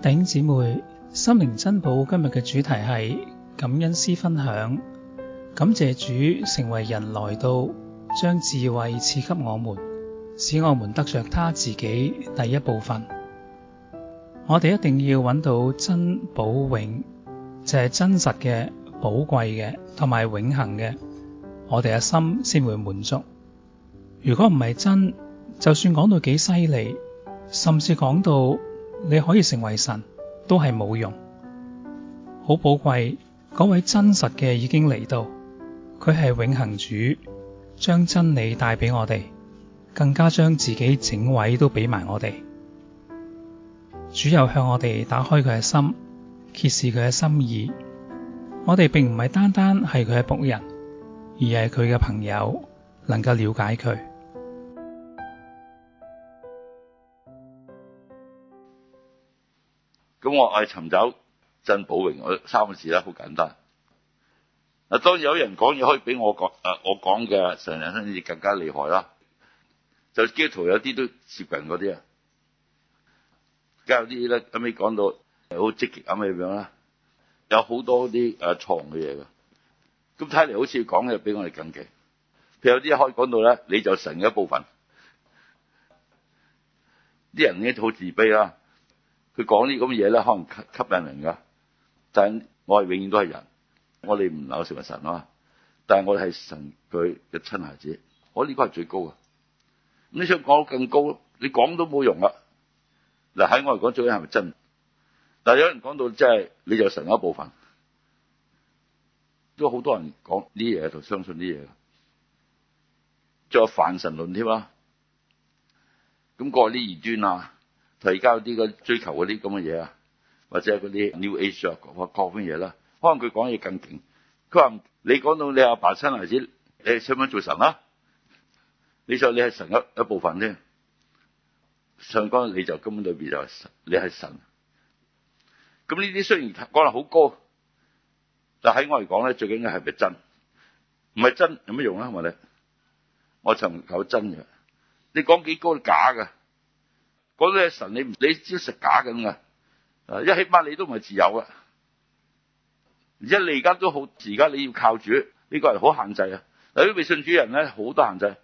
弟兄姊妹，心靈珍寶今日嘅主題係感恩詩分享，感謝主成為人來到，將智慧賜給我們，使我們得着他自己第一部分。我哋一定要揾到真、寶、永就係、是、真實嘅寶貴嘅，同埋永恒嘅，我哋嘅心先會滿足。如果唔係真，就算講到幾犀利，甚至講到。你可以成為神，都係冇用。好寶貴嗰位真實嘅已經嚟到，佢係永恒主，將真理帶俾我哋，更加將自己整位都俾埋我哋。主又向我哋打開佢嘅心，揭示佢嘅心意。我哋並唔係單單係佢嘅僕人，而係佢嘅朋友，能夠了解佢。咁我係尋找真寶永，嗰三個字啦，好簡單。嗱，當然有人講嘢可以比我講，誒我講嘅成人先更加厲害啦。就基督徒有啲都接近嗰啲啊，加有啲咧，咁你講到好積極後尾咁樣啦，有好多啲誒錯誤嘅嘢㗎。咁睇嚟好似講嘅比我哋更勁。譬如有啲可以講到咧，你就成一部分。啲人咧好自卑啦。佢講呢啲咁嘅嘢咧，可能吸吸引人㗎。但我係永遠都係人，我哋唔能成為神啊！但係我哋係神佢嘅親孩子，我呢個係最高嘅。你想講更高，你講都冇用啦。嗱喺我嚟講，最緊係咪真？但係有人講到即係、就是、你就神嘅一部分，都好多人講呢嘢同相信呢嘢。仲有泛神論添啦，咁講呢異端啊。提交啲個追求嗰啲咁嘅嘢啊，或者嗰啲 New Age 啊，或各方面嘢啦，可能佢講嘢更勁。佢話你講到你阿爸生孩子，你想唔想做神啊？你想你係神一一部分啫，上講你就根本裏邊就你係神。咁呢啲雖然講得好高，但喺我嚟講咧，最緊要係咪真？唔係真有咩用啊？係咪？我尋求真嘅，你講幾高假噶。嗰啲神你唔，你知食假咁噶，一、啊、起碼你都唔係自由噶，而且你而家都好，而家你要靠主，呢、這個係好限制啊。嗱啲未信主人咧，好多限制。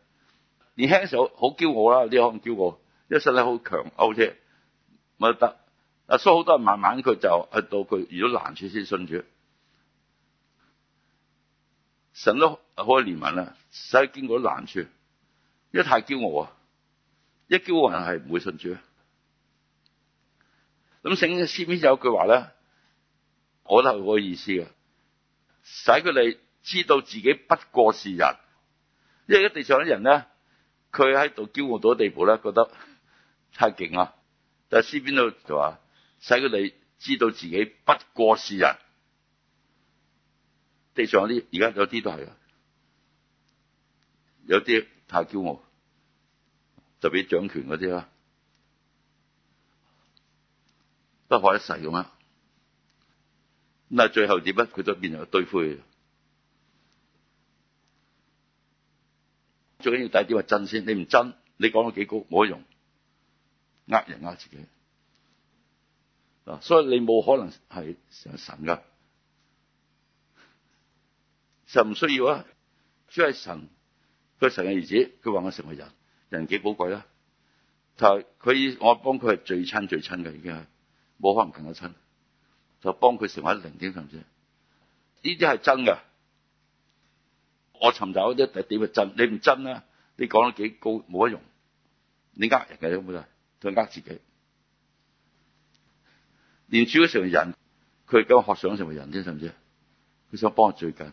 年輕嘅時候好驕傲啦，你可能驕傲，一身咧好強歐啫，唔得、啊。所以好多人慢慢佢就去到佢遇到難處先信主，神都好，好憐憫啦、啊，使經過啲難處，因為太驕傲啊。一驕傲人係唔會信主啊！咁聖詩篇有句話咧，我都係嗰個意思嘅，使佢哋知道自己不過是人。因為地上啲人咧，佢喺度驕傲到地步咧，覺得太勁喇！但係詩篇度就話，使佢哋知道自己不過是人。地上啲而家有啲都係啊，有啲太驕傲。特別掌權嗰啲啦，不可一世咁啦。咁但係最後點咧？佢都變成堆灰。最緊要第一點係真先，你唔真，你講到幾高冇得用，呃人呃自己嗱。所以你冇可能係神噶，神唔需要啊。主係神，佢係神嘅兒子，佢話我成為人。人幾寶貴啦、啊！就佢我幫佢係最親最親嘅，已經係冇可能更加親，就幫佢成為零點甚至呢啲係真嘅。我尋找啲特點係真，你唔真啦，你講得幾高冇得用，你呃人嘅你冇得，同佢呃自己。連主成為人，佢今日學想成為人啫，甚至佢想幫我最近。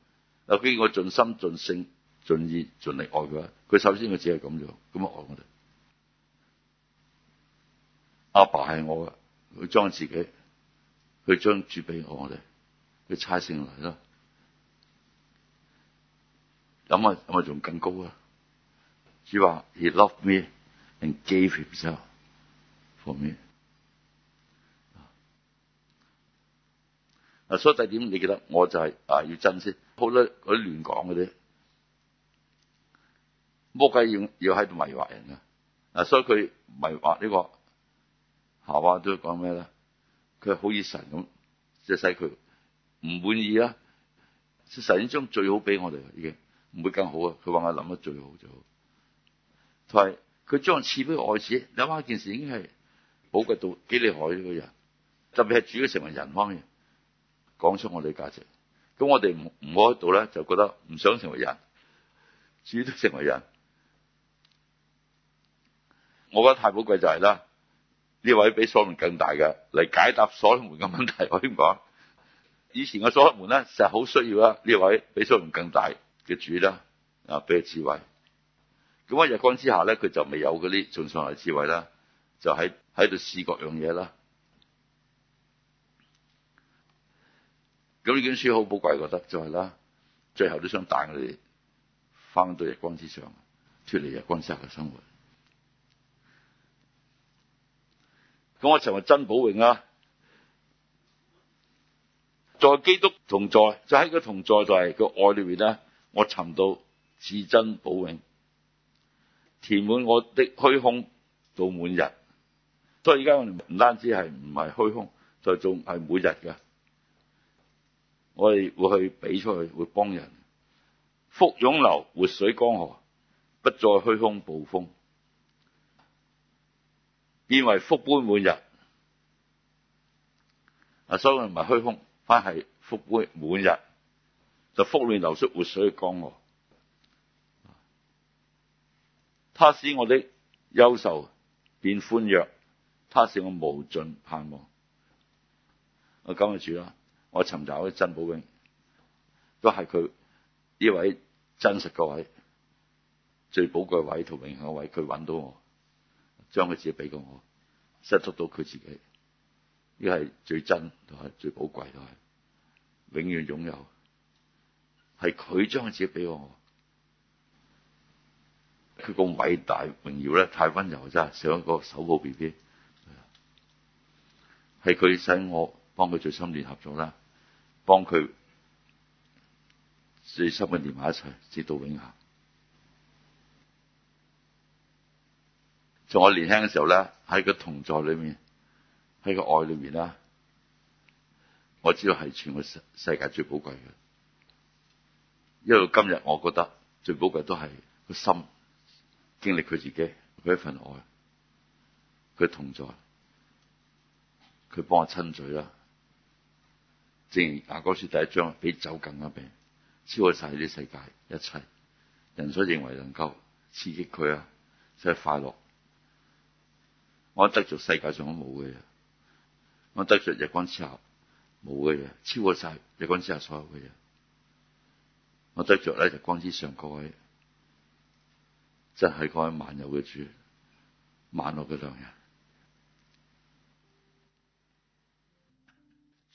有邊個盡心盡性盡意盡力愛佢？佢首先佢只係咁做，咁啊愛我哋。阿爸係我噶，佢將自己，佢將主俾我哋，佢差成嚟啦。咁啊，我仲更高啊！主話 He loved me and gave himself for me。嗱，所以第二點，你記得我就係、是、啊，要珍惜。好多嗰啲亂講嗰啲，魔鬼要要喺度迷惑人噶。嗱，所以佢迷惑呢、這個夏娃都講咩咧？佢好似神咁，即使佢唔滿意啦、啊，神已經將最好俾我哋啦，已經唔會更好啊。佢話我諗得最好最好。同埋佢將賜俾愛子，諗下件事已經係寶貴到幾厲害呢個人，特別係主都成為人康嘅。講出我哋價值，咁我哋唔唔好喺度咧，就覺得唔想成為人，主都成為人。我覺得太寶貴就係啦，呢位比所羅門更大嘅，嚟解答所羅門嘅問題。可以講，以前嘅所羅門咧，實好需要啦。呢位比所羅門更大嘅主啦，啊，俾佢智慧。咁喺日光之下咧，佢就未有嗰啲從上嚟嘅智慧啦，就喺喺度試各樣嘢啦。咁呢卷書好寶貴，覺得就係啦。最後都想帶佢哋翻到日光之上，脫離日光之下嘅生活。咁我成為至真寶永啊，在基督同在，就喺個同在就係個愛裏面咧，我尋到至真寶永，填滿我的虛空到滿溢。所以而家我哋唔單止係唔係虛空，就仲係每日嘅。我哋會去俾出去，會幫人，腹湧流活水江河，不再虛空捕風，變為福杯滿溢。啊，所以唔係虛空，反係福杯滿溢，就腹湧流出活水江河。他使我的憂愁變歡躍，他使我無盡盼望。我今日住啦。我尋找嘅真寶永，都係佢呢位真實個位，最寶貴位同榮幸位，佢揾到我，將佢自己俾過我，失足到佢自己，呢個係最真同埋最寶貴，同埋永遠擁有，係佢將佢自己俾過我，佢個偉大榮耀咧太溫柔真，上一個手抱 B B，係佢使我幫佢最深聯合作啦。幫佢最深嘅連埋一齊，直到永恆。從我年輕嘅時候咧，喺個同在裏面，喺個愛裏面啦，我知道係全個世界最寶貴嘅。因為今日，我覺得最寶貴都係個心，經歷佢自己，佢一份愛，佢同在，佢幫我親嘴啦。正如大哥書第一章，比酒更加病，超過晒啲世界一切人所認為能夠刺激佢啊，即係快樂。我得著世界上都冇嘅嘢，我得著日光之下冇嘅嘢，超過晒日光之下所有嘅嘢。我得著咧，日光之上各位，真係各位萬有嘅主，萬樂嘅良人。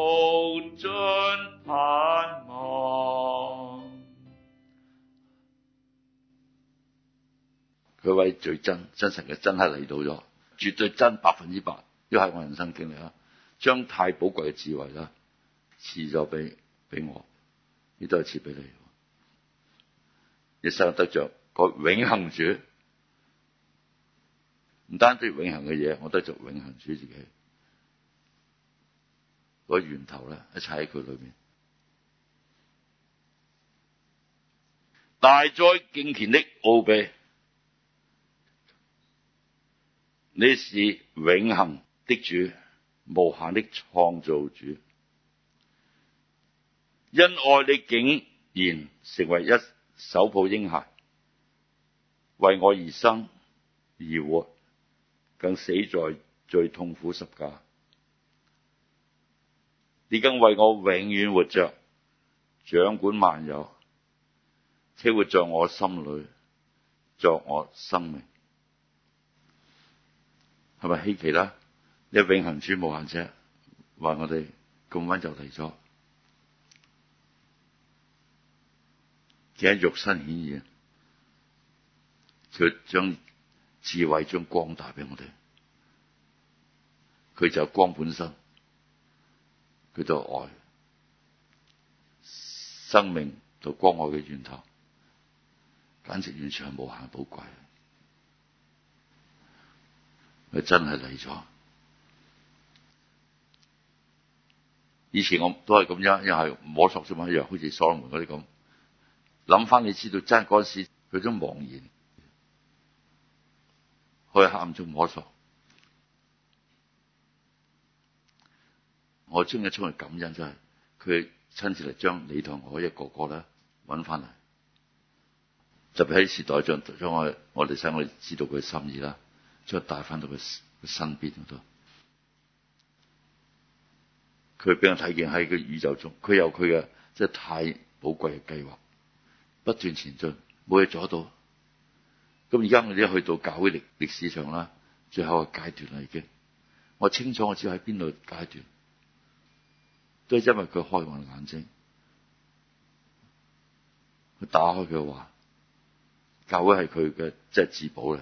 無盡盼望，佢位最真，真實嘅真係嚟到咗，絕對真百分之百，呢係我人生經歷啊，將太寶貴嘅智慧啦，賜咗俾俾我，亦都係賜俾你，一生得着個永恆主，唔單止永恆嘅嘢，我都做永恆主自己。個源頭咧，一切喺佢裏面。大哉敬虔的奧秘，你是永恆的主，無限的創造主。因愛，你竟然成為一手抱嬰孩，為我而生而活，更死在最痛苦十架。你今為我永遠活着，掌管萬有，且活在我心裏，作我生命，係咪稀奇啦？你永恆主無限者，話我哋咁温柔就嚟咗，佢喺肉身顯現，佢將智慧將光帶俾我哋，佢就光本身。佢就愛生命，就光愛嘅源頭，簡直完全係無限寶貴。佢真係嚟咗。以前我都係咁樣，又係摸、摸索，小品又好似鎖門嗰啲咁。諗翻你知道，真係嗰陣時佢都茫然，佢係黑暗中摸索。我將一出嘅感恩就係，佢親自嚟將你同我一個個咧揾翻嚟，特別喺時代上將我，我哋使我哋知道佢嘅心意啦，將佢帶翻到佢佢身邊度。佢俾我睇見喺個宇宙中，佢有佢嘅即係太寶貴嘅計劃，不斷前進，冇嘢阻到。咁而家我哋一去到教會歷歷史上啦，最後嘅階段啦，已經我清楚我知道喺邊度階段。都係因為佢開我眼睛，佢打開，佢話教會係佢嘅即係自保嚟，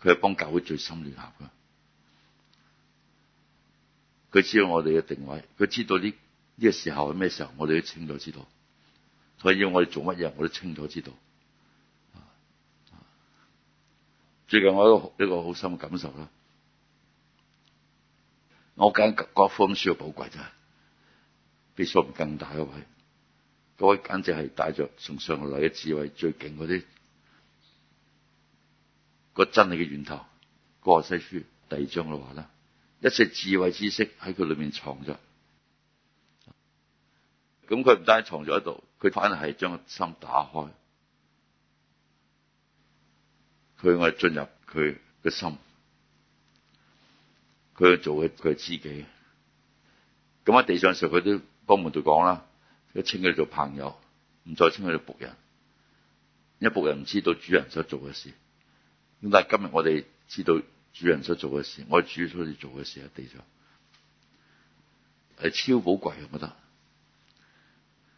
佢係幫教會最深聯合噶，佢知道我哋嘅定位，佢知道呢呢、呢個時候係咩時候，我哋都清楚知道，佢要我哋做乜嘢，我都清楚知道。最近我一個一個好深嘅感受啦。我簡各科咁書寶貴啫，比書唔更大嗰位，嗰位簡直係帶着從上而嚟嘅智慧最勁嗰啲，嗰個真理嘅源頭。《哥西書》第二章嘅話啦，一切智慧知識喺佢裏面藏咗，咁佢唔單止藏咗喺度，佢反而係將個心打開，佢我進入佢嘅心。佢去做佢佢自己，咁喺地上時候佢都幫門徒講啦，佢稱佢做朋友，唔再稱佢做僕人，因為僕人唔知道主人所做嘅事，咁但係今日我哋知道主人所做嘅事，我哋主所做嘅事喺地上，係超寶貴，我覺得。